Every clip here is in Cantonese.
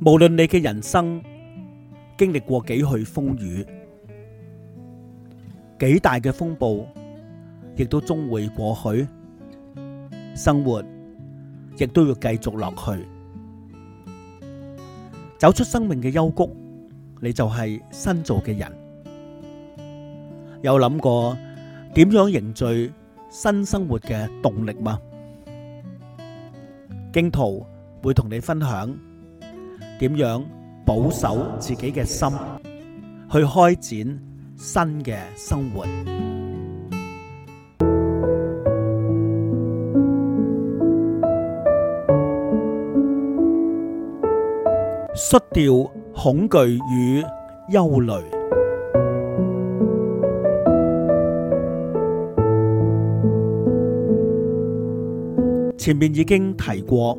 無論你嘅人生經歷過幾許風雨，幾大嘅風暴，亦都終會過去。生活亦都要繼續落去，走出生命嘅幽谷，你就係新造嘅人。有諗過點樣凝聚新生活嘅動力嗎？荊徒會同你分享。點樣保守自己嘅心，去開展新嘅生活，甩掉恐懼與憂慮。前面已經提過。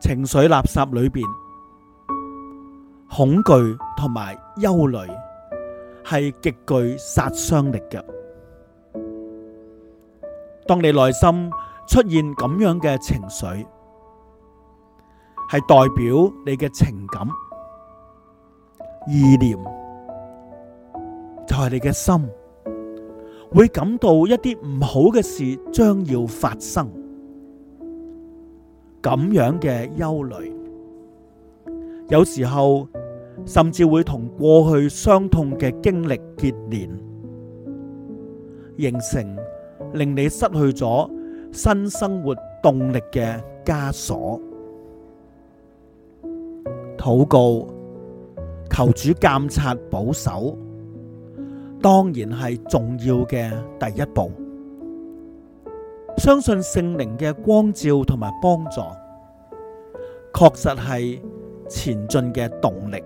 情緒垃圾裏邊，恐懼同埋憂慮係極具殺傷力嘅。當你內心出現咁樣嘅情緒，係代表你嘅情感、意念，就係你嘅心會感到一啲唔好嘅事將要發生。咁樣嘅憂慮，有時候甚至會同過去傷痛嘅經歷結連，形成令你失去咗新生活動力嘅枷鎖。禱告，求主監察保守，當然係重要嘅第一步。相信聖靈嘅光照同埋幫助，確實係前進嘅動力。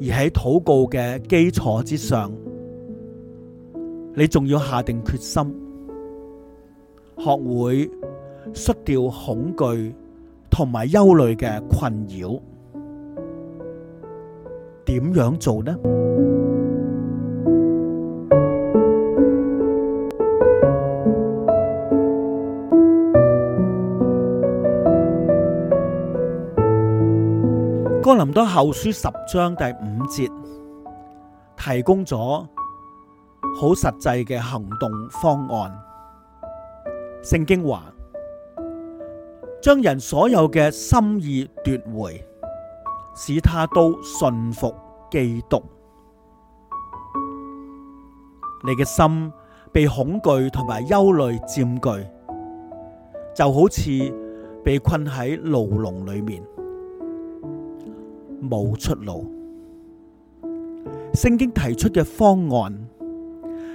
而喺禱告嘅基礎之上，你仲要下定決心，學會甩掉恐懼同埋憂慮嘅困擾。點樣做呢？哥林多後書十章第五節提供咗好實際嘅行動方案。聖經話，將人所有嘅心意奪回，使他都順服基督。你嘅心被恐懼同埋憂慮佔據，就好似被困喺牢籠裏面，冇出路。聖經提出嘅方案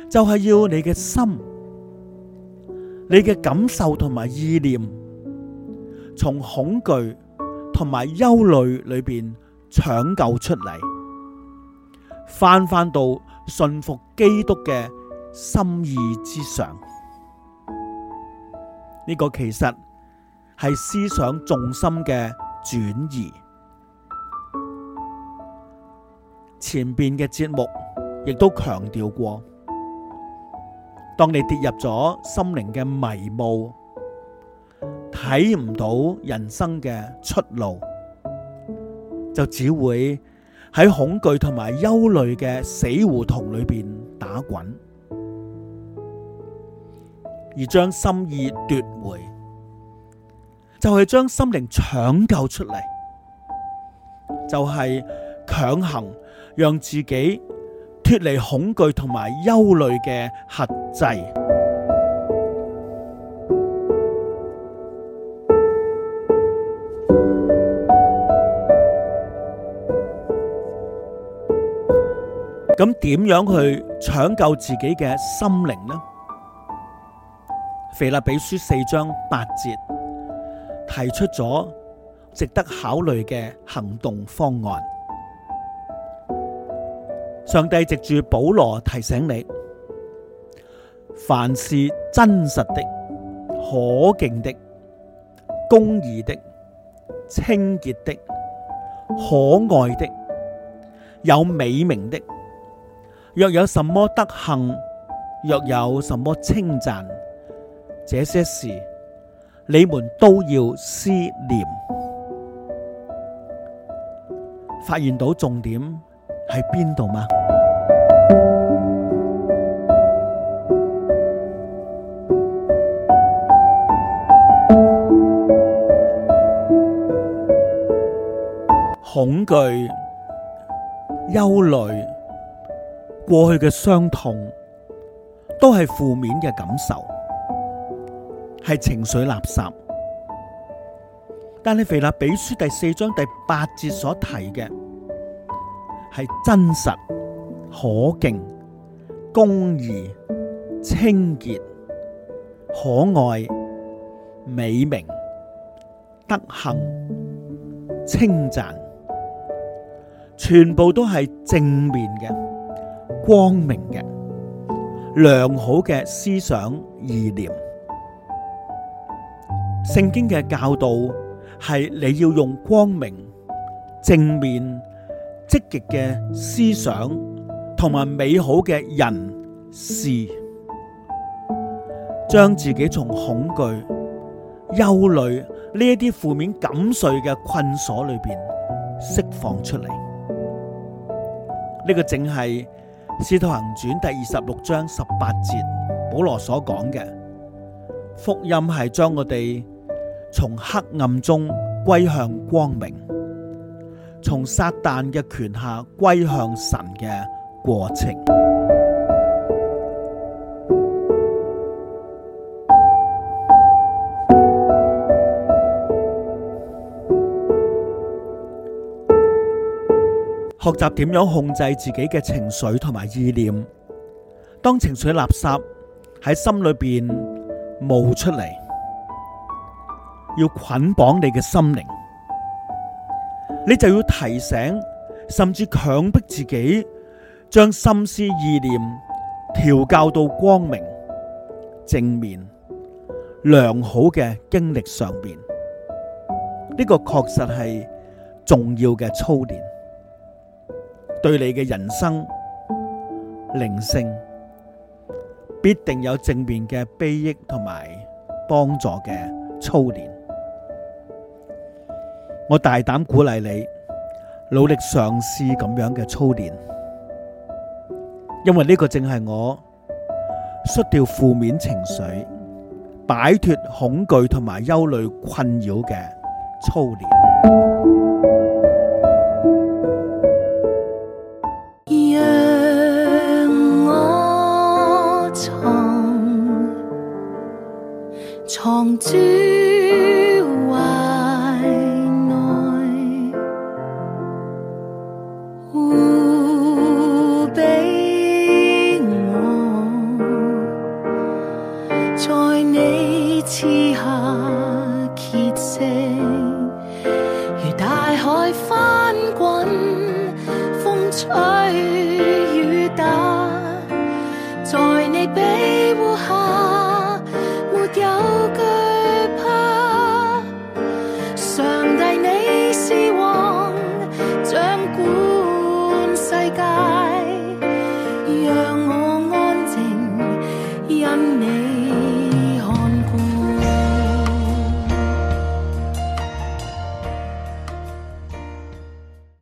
就係、是、要你嘅心、你嘅感受同埋意念，從恐懼同埋憂慮裏邊搶救出嚟，翻翻到信服基督嘅心意之上。呢、這個其實係思想重心嘅轉移。前面嘅節目亦都強調過，當你跌入咗心靈嘅迷霧，睇唔到人生嘅出路，就只會喺恐懼同埋憂慮嘅死胡同裏邊打滾，而將心意奪回，就係、是、將心靈搶救出嚟，就係、是、強行。讓自己脫離恐懼同埋憂慮嘅核制，咁點樣去搶救自己嘅心靈呢？腓立比書四章八節提出咗值得考慮嘅行動方案。上帝藉住保羅提醒你，凡是真實的、可敬的、公義的、清潔的、可愛的、有美名的，若有什麼德行，若有什麼稱讚，這些事你們都要思念。發現到重點。.喺邊度嗎？恐懼、憂慮、過去嘅傷痛，都係負面嘅感受，係情緒垃圾。但係《腓立比書》第四章第八節所提嘅。係真實、可敬、公義、清潔、可愛、美名、德行、稱讚，全部都係正面嘅、光明嘅、良好嘅思想意念。聖經嘅教導係你要用光明、正面。積極嘅思想同埋美好嘅人事，將自己從恐懼、憂慮呢一啲負面感碎嘅困鎖裏邊釋放出嚟。呢、這個正係《使徒行傳》第二十六章十八節保羅所講嘅福音，係將我哋從黑暗中歸向光明。從撒旦嘅權下歸向神嘅過程，學習點樣控制自己嘅情緒同埋意念。當情緒垃圾喺心裏邊冒出嚟，要捆綁你嘅心靈。你就要提醒，甚至強迫自己，將心思意念調教到光明、正面、良好嘅經歷上邊。呢、這個確實係重要嘅操練，對你嘅人生靈性必定有正面嘅裨益同埋幫助嘅操練。我大膽鼓勵你，努力嘗試咁樣嘅操練，因為呢個正係我甩掉負面情緒、擺脫恐懼同埋憂慮困擾嘅操練。讓我藏，藏住。